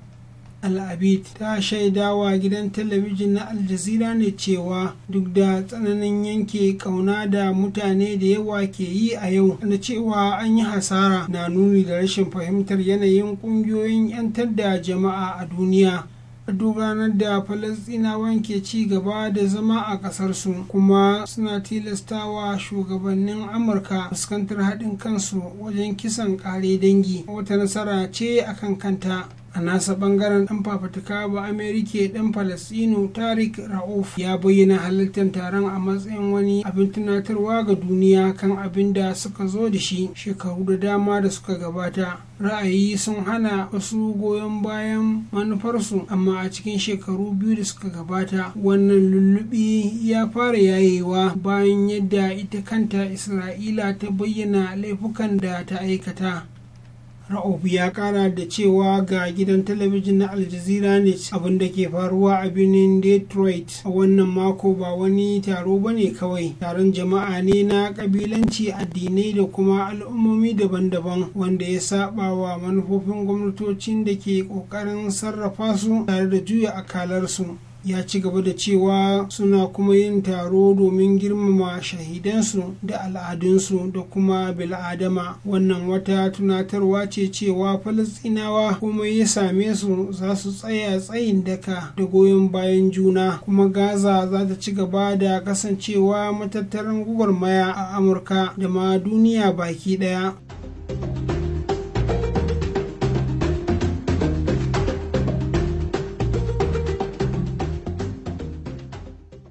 al'abid ta shaidawa gidan talabijin na aljazira ne cewa duk da tsananin yanke kauna da mutane da yawa ke yi a yau na cewa an yi hasara na nuni da rashin fahimtar yanayin kungiyoyin 'yantar da jama'a a duniya a duk ranar da falasɗinawan ke ci gaba da zama a su. kuma suna tilastawa shugabannin amurka fuskantar haɗin kansu wajen kisan ƙare dangi wata nasara ce akan kanta a nasa bangaren dan fafutuka ba amerika dan palestino tarik rauf ya bayyana halittar taron a matsayin wani abin tunatarwa ga duniya kan abin da suka zo da shi shekaru da dama da suka gabata ra'ayi sun hana wasu goyon bayan manufarsu amma a cikin shekaru biyu da suka gabata wannan lullubi ya fara yayewa bayan yadda ita kanta isra'ila ta bayyana laifukan da ta aikata ra'uf ya kara da cewa ga gidan talabijin na aljazira ne abin da ke faruwa a birnin detroit a wannan mako ba wani taro ba ne kawai taron jama'a ne na kabilanci addinai da kuma al'ummomi daban-daban wanda ya saba wa manufofin gwamnatocin da ke ƙoƙarin sarrafa su tare da juya akalarsu ya ci gaba da cewa suna kuma yin taro domin girmama shahidansu da al'adunsu da kuma bil'adama wannan wata tunatarwa ce cewa falastinawa kuma ya same su za su tsaya tsayin daka da goyon bayan juna kuma gaza za ta ci gaba da kasancewa matattaran gubar maya a amurka da ma duniya baki daya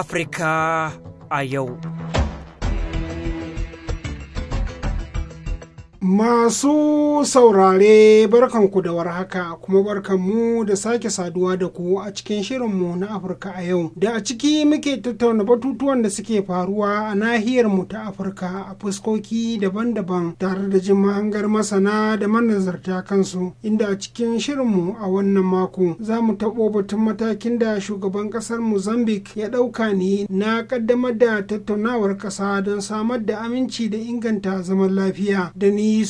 Afirka a yau. Masu saurare barkanku da warhaka kuma barkanmu da sake saduwa da ku a cikin shirinmu na Afirka a yau da a ciki muke tattauna batutuwan da suke faruwa a nahiyar mu ta Afirka a fuskoki daban-daban tare da jin mahangar masana da manazarta kansu inda a cikin shirinmu a wannan mako za mu taɓo batun matakin da shugaban ƙasar Mozambique ya ɗauka ne na ƙaddamar da tattaunawar ƙasa don samar da aminci da inganta zaman lafiya da ni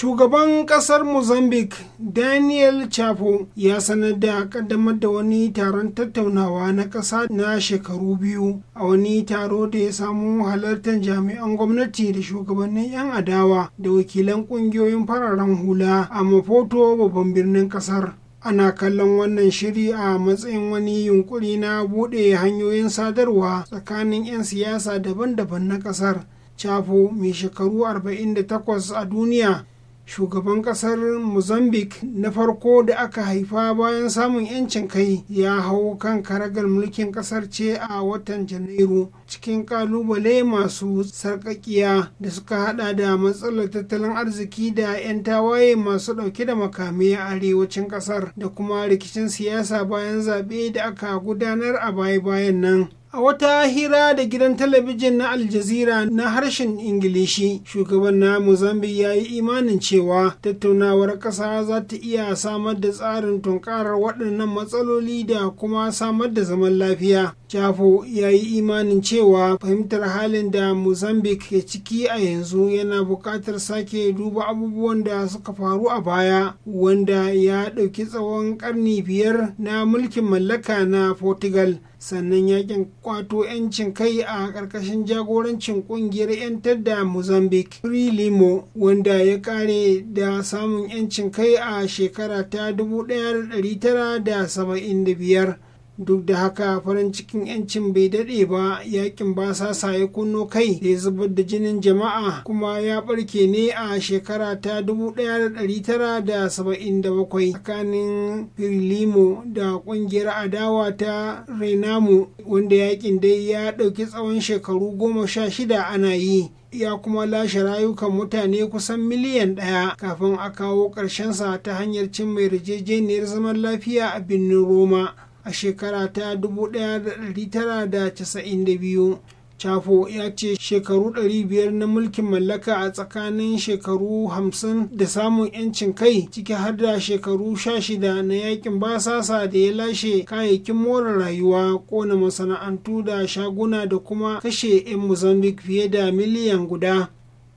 shugaban ƙasar mozambique daniel chapo ya sanar da ƙaddamar da wani taron tattaunawa na ƙasa na shekaru biyu a wani taro da ya samu halartar jami'an gwamnati da shugabannin 'yan adawa da wakilan ƙungiyoyin fararen hula a mafoto babban birnin ƙasar. ana kallon wannan shiri a matsayin wani yunkuri na buɗe hanyoyin sadarwa tsakanin 'yan siyasa daban-daban na ƙasar chapo mai shekaru 48 a duniya shugaban kasar mozambique na farko da aka haifa bayan samun 'yancin kai ya hau kan karagar mulkin kasar ce a watan janairu cikin kalubale masu sarkakiya da suka hada da matsalar tattalin arziki da 'yan tawaye masu dauke da makamai a arewacin kasar da kuma rikicin siyasa bayan zaɓe da aka gudanar a baya-bayan nan a wata hira da gidan talabijin na aljazira na harshen ingilishi shugaban na mozambique ya yi imanin cewa tattaunawar ƙasa za ta iya samar da tsarin tunkarar waɗannan matsaloli da kuma samar da zaman lafiya jafo ya yi imanin cewa fahimtar halin da mozambique ke ciki a yanzu yana buƙatar sake duba abubuwan da suka faru a baya wanda ya ɗauki tsawon ƙarni biyar na mulkin mallaka na portugal sannan yakin kwato 'yancin kai a ƙarƙashin jagorancin ƙungiyar 'yantar da mozambique free limo wanda ya kare da samun 'yancin kai a shekara ta 1975 duk da haka farin cikin yancin bai daɗe ba yakin basasa saye kunno kai da ya zubar da jinin jama'a kuma ya ɓarke ne a shekara ta 1977 tsakanin firilimo da ƙungiyar adawa ta renamo wanda yakin dai ya ɗauki tsawon shekaru goma sha shida ana yi ya kuma lashe rayukan mutane kusan miliyan ɗaya kafin a kawo ƙarshensa ta hanyar cin mai yarjejeniyar zaman lafiya a birnin roma a shekara ta 1992 Chafo ya ce shekaru 500 na mulkin mallaka a tsakanin shekaru 50 da samun 'yancin kai ciki har da shekaru 16 na yakin basasa da ya lashe kayayyakin more rayuwa kona masana'antu da shaguna da kuma kashe 'yan Mozambique fiye da miliyan guda.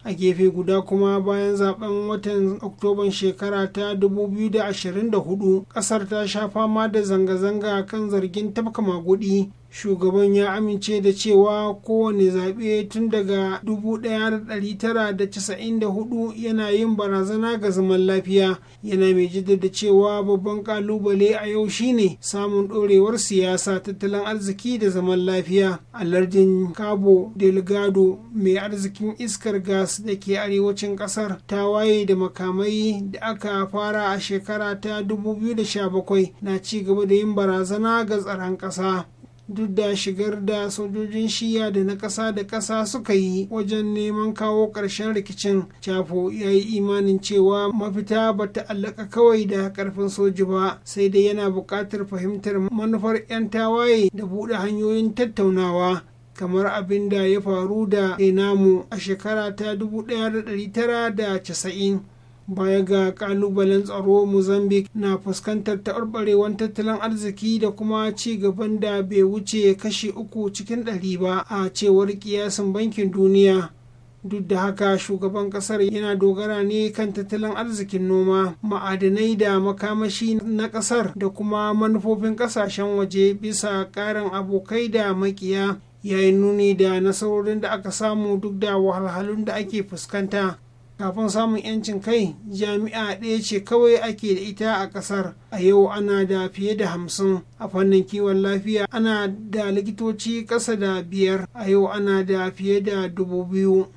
a gefe guda kuma bayan zaben watan oktoban shekara ta 2024 kasar ta sha fama da zanga-zanga kan zargin tafka magudi shugaban ya amince da cewa kowane zaɓe tun daga 1994 yana yin barazana ga zaman lafiya yana mai jaddada cewa babban kalubale a yau shine samun ɗorewar siyasa tattalin arziki da zaman lafiya a lardin cabo delgado mai arzikin iskar gas da ke arewacin ƙasar ta waye da makamai da aka fara a shekara ta 2017 na ci gaba da yin barazana ga tsaron ƙasa duk da shigar da sojojin shiya da na ƙasa da ƙasa suka yi wajen neman kawo ƙarshen rikicin chafo ya yi imanin cewa mafita ba ta allaka kawai da ƙarfin soji ba sai dai yana buƙatar fahimtar manufar 'yan tawaye da buɗe hanyoyin tattaunawa kamar abin da ya faru da namu a shekara ta 1990 baya ga kalubalen tsaro mozambique na fuskantar taɓarɓarewar tattalin arziki da kuma ci gaban da bai wuce kashi uku cikin ɗari ba a cewar kiyasin bankin duniya duk da haka shugaban kasar yana dogara ne kan tattalin arzikin noma ma'adanai da makamashi na kasar da kuma manufofin kasashen waje bisa karin abokai da makiya yayin nuni da nasarorin da aka samu duk da wahalhalun da ake fuskanta kafin samun yancin kai jami'a ɗaya ce kawai ake da ita a ƙasar a yau ana da fiye da hamsin a fannin kiwon lafiya ana da likitoci ƙasa da biyar a yau ana da fiye da dubu biyu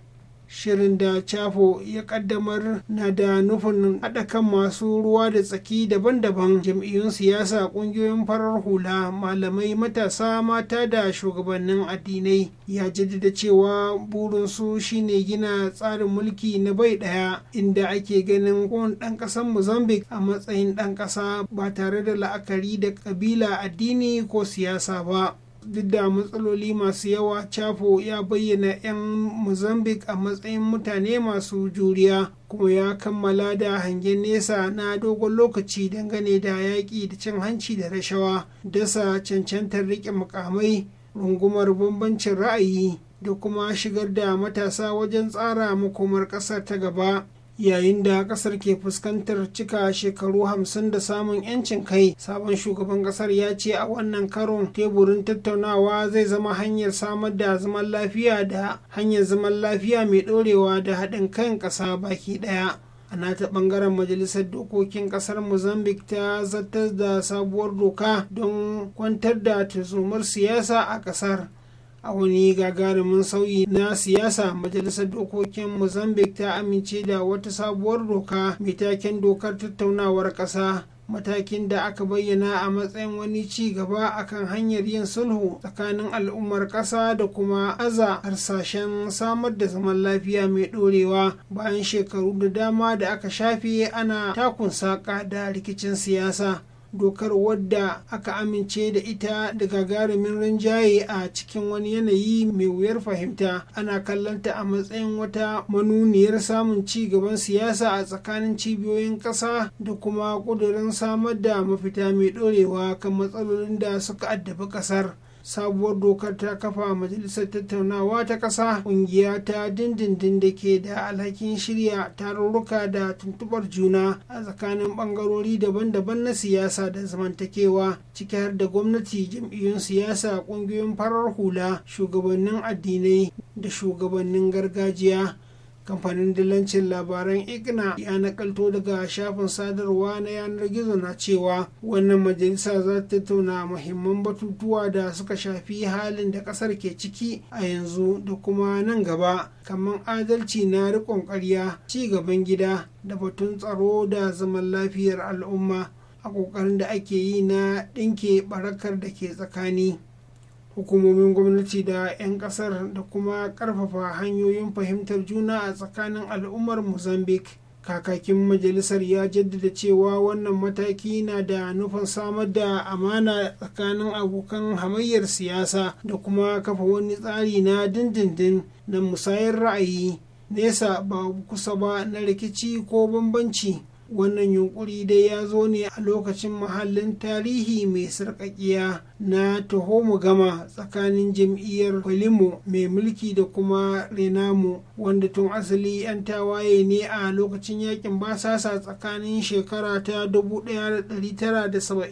shirin da chapo ya kaddamar na da nufin haɗa kan masu ruwa da tsaki daban-daban jam'iyyun siyasa ƙungiyoyin farar hula malamai matasa mata da shugabannin addinai ya jaddada cewa burinsu shine gina tsarin mulki na bai ɗaya inda ake ganin kowane ɗan ƙasar mozambique a matsayin ɗan ƙasa ba tare da la'akari da ƙabila addini ko siyasa ba duk da matsaloli masu yawa chapo ya bayyana 'yan mozambique a matsayin mutane masu juriya kuma ya kammala da hangen nesa na dogon lokaci dangane da yaƙi da cin hanci da rashawa dasa cancantar riƙe mukamai rungumar bambancin ra'ayi da kuma shigar da matasa wajen tsara makomar ƙasar ta gaba yayin da kasar ke fuskantar cika shekaru hamsin da samun yancin kai sabon shugaban kasar ya ce a wannan karon teburin tattaunawa zai zama hanyar samar da zaman lafiya da hanyar zaman lafiya mai ɗorewa da haɗin kan ƙasa baki ɗaya a nata ɓangaren majalisar dokokin ƙasar mozambique ta zartar da sabuwar doka don kwantar da tuzumar siyasa a ƙasar. a wani gagarumin sauyi na siyasa majalisar dokokin mozambique ta amince da wata sabuwar doka mai taken dokar tattaunawar ƙasa matakin da aka bayyana a matsayin wani ci gaba akan hanyar yin sulhu tsakanin al'ummar ƙasa da kuma aza harsashen samar da zaman lafiya mai ɗorewa bayan shekaru da dama da aka shafe ana takun saƙa da rikicin siyasa dokar wadda aka amince da ita daga garumin rinjaye a cikin wani yanayi mai wuyar fahimta ana kallonta a matsayin wata manuniyar samun ci gaban siyasa a tsakanin cibiyoyin ƙasa da kuma ƙudurin samar da mafita mai ɗorewa kan matsalolin da suka addabi ƙasar sabuwar dokar ta kafa majalisar tattaunawa ta ƙasa ƙungiya ta dindindin da ke da alhakin shirya tarurruka da tuntubar juna a tsakanin ɓangarori daban-daban na siyasa da zamantakewa ciki har da gwamnati jam'iyyun siyasa ƙungiyoyin farar hula shugabannin addinai da shugabannin gargajiya kamfanin dillancin labaran igna ya nakalto daga shafin sadarwa na yanar gizo na cewa wannan majalisa za ta tattauna muhimman batutuwa da suka shafi halin da kasar ke ciki a yanzu da kuma nan gaba kamar adalci na riƙon ƙarya ci gaban gida da batun tsaro da zaman lafiyar al'umma a ƙoƙarin da ake yi na ɗinke barakar da ke tsakani hukumomin gwamnati da 'yan kasar da kuma karfafa hanyoyin fahimtar juna a tsakanin al'ummar mozambique kakakin majalisar ya jaddada cewa wannan mataki na da nufin samar da amana tsakanin abokan hamayyar siyasa da kuma kafa wani tsari na dindindin na musayar ra'ayi nesa ba kusa ba na rikici ko bambanci wannan yunkuri dai ya zo ne a lokacin mahallin tarihi mai sarkakiya na tohomu gama tsakanin jam'iyyar kwalimo mai mulki da kuma renamo wanda tun asali 'yan tawaye ne a lokacin yakin basasa tsakanin shekara ta 1977 zuwa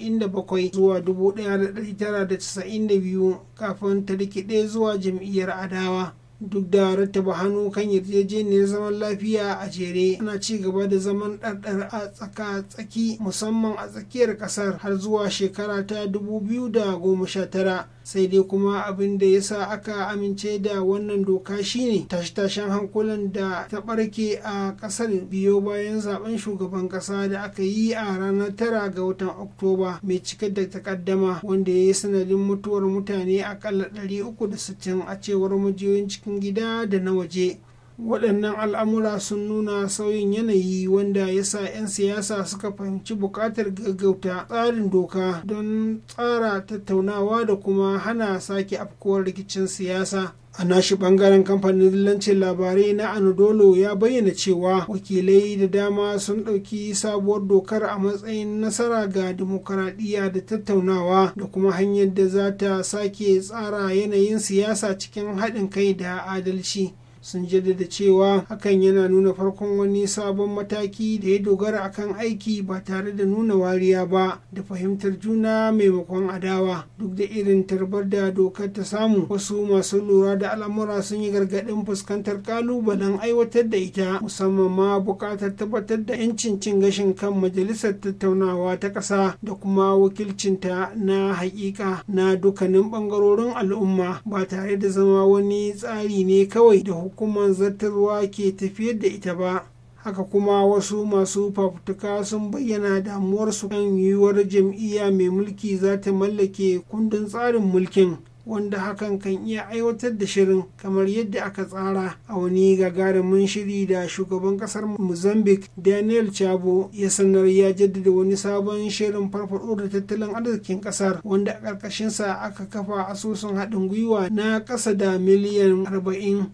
1992 kafin ta rikide zuwa jam'iyyar adawa duk da rattaba hannu kan yarjejeniyar zaman lafiya a jere ana ci gaba da zaman ɗarɗar a tsaka-tsaki musamman a tsakiyar ƙasar har zuwa shekara ta 2019 sai dai kuma abin da ya sa aka amince da wannan doka shine tashe-tashen hankulan da ta barke a kasar biyo bayan zaben shugaban kasa da aka yi a ranar tara ga watan oktoba mai cike da takaddama wanda ya yi sanadin mutuwar mutane akalla 360 a cewar majiyoyin cikin gida da na waje waɗannan al'amura sun nuna sauyin yanayi wanda ya sa 'yan siyasa suka fahimci buƙatar gaggauta tsarin doka don tsara tattaunawa da kuma hana sake afkuwar rikicin siyasa a nashi ɓangaren kamfanin dillancin labarai na anadolu ya bayyana cewa wakilai da dama sun ɗauki sabuwar dokar a matsayin nasara ga dimokuraɗiyya da tattaunawa da kuma hanyar da za ta sake tsara yanayin siyasa cikin haɗin kai da adalci sun jaddada cewa hakan yana nuna farkon wani sabon mataki da ya dogara akan aiki ba tare da nuna wariya ba da fahimtar juna maimakon adawa duk da irin tarbar da dokar ta samu wasu masu lura da al'amura sun yi gargaɗin fuskantar kalubalen aiwatar da ita musamman ma buƙatar tabbatar da 'yancin cin gashin kan majalisar tattaunawa ta ƙasa da kuma wakilcinta na haƙiƙa na dukkanin ɓangarorin al'umma ba tare da zama wani tsari ne kawai da hukumar hukumar zartarwa ke tafiyar da ita ba haka kuma wasu masu fafutuka sun bayyana damuwarsu kan yiwuwar jam'iyya mai mulki za ta mallake kundin tsarin mulkin wanda hakan kan iya aiwatar da shirin kamar yadda aka tsara a wani gagarumin shiri da shugaban kasar mozambique daniel chabo ya sanar ya jaddada wani sabon shirin farfaɗo da tattalin arzikin kasar wanda a ƙarƙashinsa aka kafa asusun haɗin gwiwa na ƙasa da miliyan 40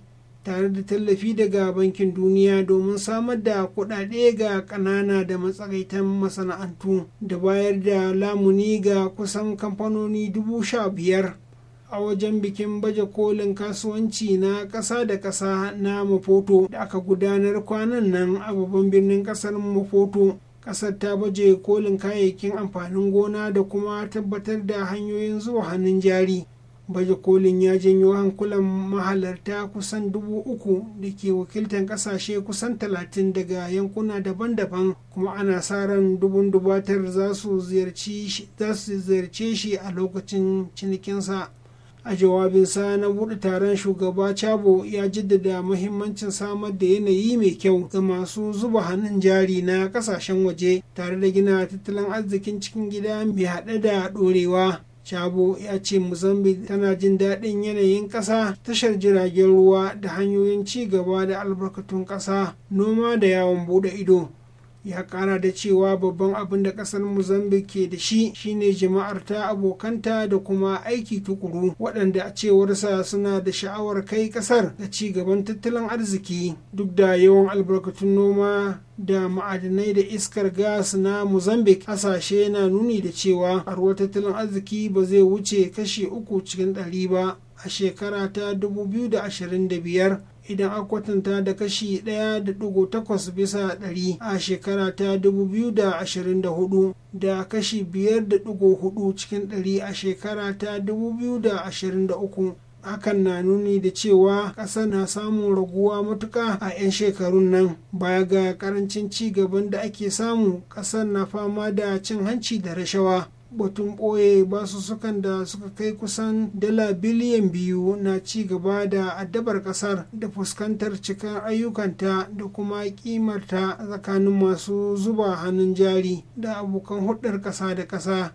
tare da tallafi daga bankin duniya domin samar da kuɗaɗe ga ƙanana da matsakaitan masana'antu da bayar da lamuni ga kusan kamfanoni dubu sha biyar a wajen bikin baje kolin kasuwanci na ƙasa da ƙasa na mafoto da aka gudanar kwanan nan a babban birnin ƙasar mafoto kasar ta baje kolin kayayyakin amfanin gona da kuma tabbatar da hanyoyin zuwa hannun jari baje kolin ya janyo hankulan mahalarta kusan dubu uku da ke wakiltar kasashe kusan talatin daga yankuna daban-daban kuma ana sa ran dubun dubatar za su ziyarce shi a lokacin cinikinsa a jawabinsa na buɗe taron shugaba cabo ya jaddada muhimmancin samar da yanayi mai kyau ga masu zuba hannun jari na kasashen waje tare da gina tattalin arzikin cikin gida mai haɗe da ɗorewa Chabo ya ce Mozambique tana jin daɗin yanayin ƙasa, tashar jiragen ruwa da hanyoyin ci gaba da albarkatun ƙasa, noma da yawon buɗe ido. ya kara da cewa babban abin da kasar mozambique ke da shi shine jama'ar ta abokanta da kuma aiki tukuru waɗanda a cewarsa suna da sha'awar kai kasar da ci gaban tattalin arziki duk da yawan albarkatun noma da ma'adinai da iskar gas na mozambique hasashe na nuni da cewa arwa tattalin arziki ba zai wuce kashi uku cikin ɗari ba a shekara ta 2025 idan a kwatanta da kashi 1.8 bisa ɗari a shekara ta 2024 da kashi 5.4 cikin ɗari a shekara ta 2023 hakan na nuni da cewa ƙasa na samun raguwa matuƙa a 'yan shekarun nan baya ga ƙarancin ci gaban da ake samu ƙasar na fama da cin hanci da rashawa batun ɓoye sukan da suka kai kusan dala biliyan biyu na ci gaba da addabar ƙasar da fuskantar cikin ayyukanta da kuma kimarta tsakanin masu zuba hannun jari da abokan hudar ƙasa da ƙasa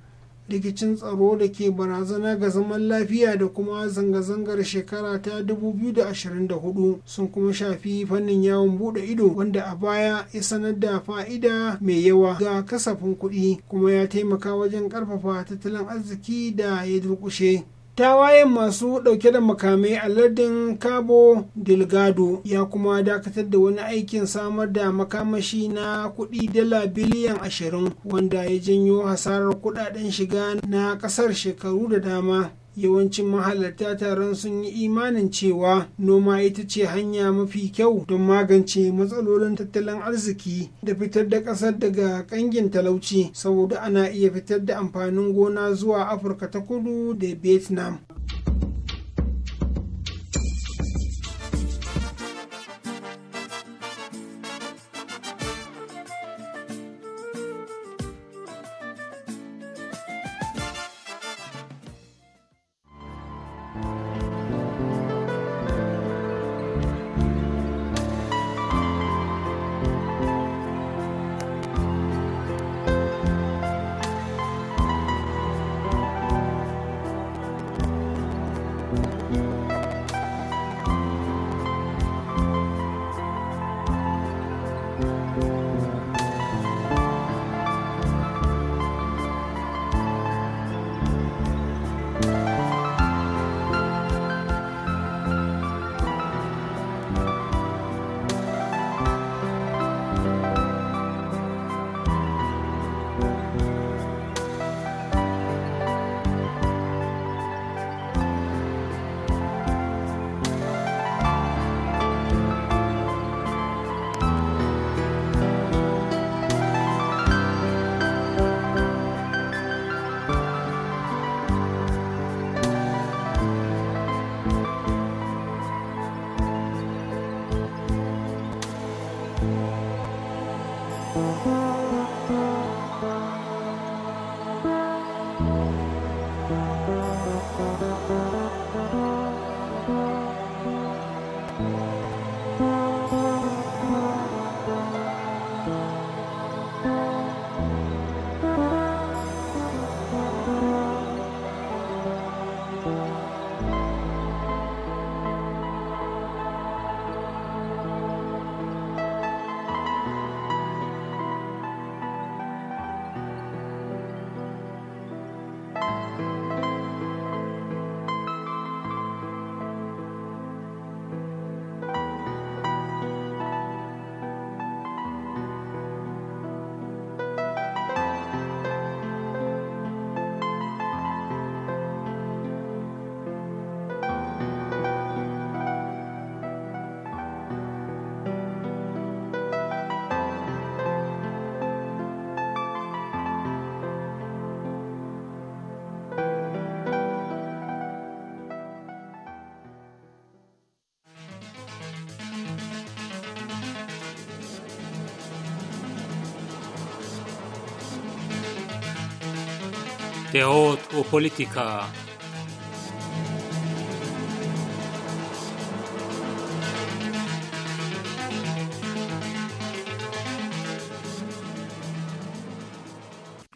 rikicin tsaro da ke barazana ga zaman lafiya da kuma zanga-zangar shekara ta 2024 sun kuma shafi fannin yawon bude ido wanda a baya ya sanar da fa'ida mai yawa ga kasafin kuɗi kuma ya taimaka wajen ƙarfafa tattalin arziki da ya durƙushe tawayen masu dauke da makamai a lardin cabo delgado ya kuma dakatar da wani aikin samar da makamashi na kudi dala biliyan ashirin wanda ya janyo hasarar kudaden shiga na kasar shekaru da dama yawancin mahalarta taron sun yi imanin cewa noma ita ce hanya mafi kyau don magance matsalolin tattalin arziki da fitar da ƙasar daga ƙangin talauci saboda ana iya fitar da amfanin gona zuwa afirka ta kudu da vietnam דעות ופוליטיקה.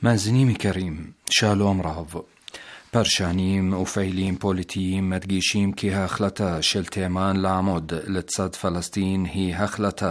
מאזינים יקרים, שלום רב. פרשנים ופעילים פוליטיים מדגישים כי ההחלטה של תימן לעמוד לצד פלסטין היא החלטה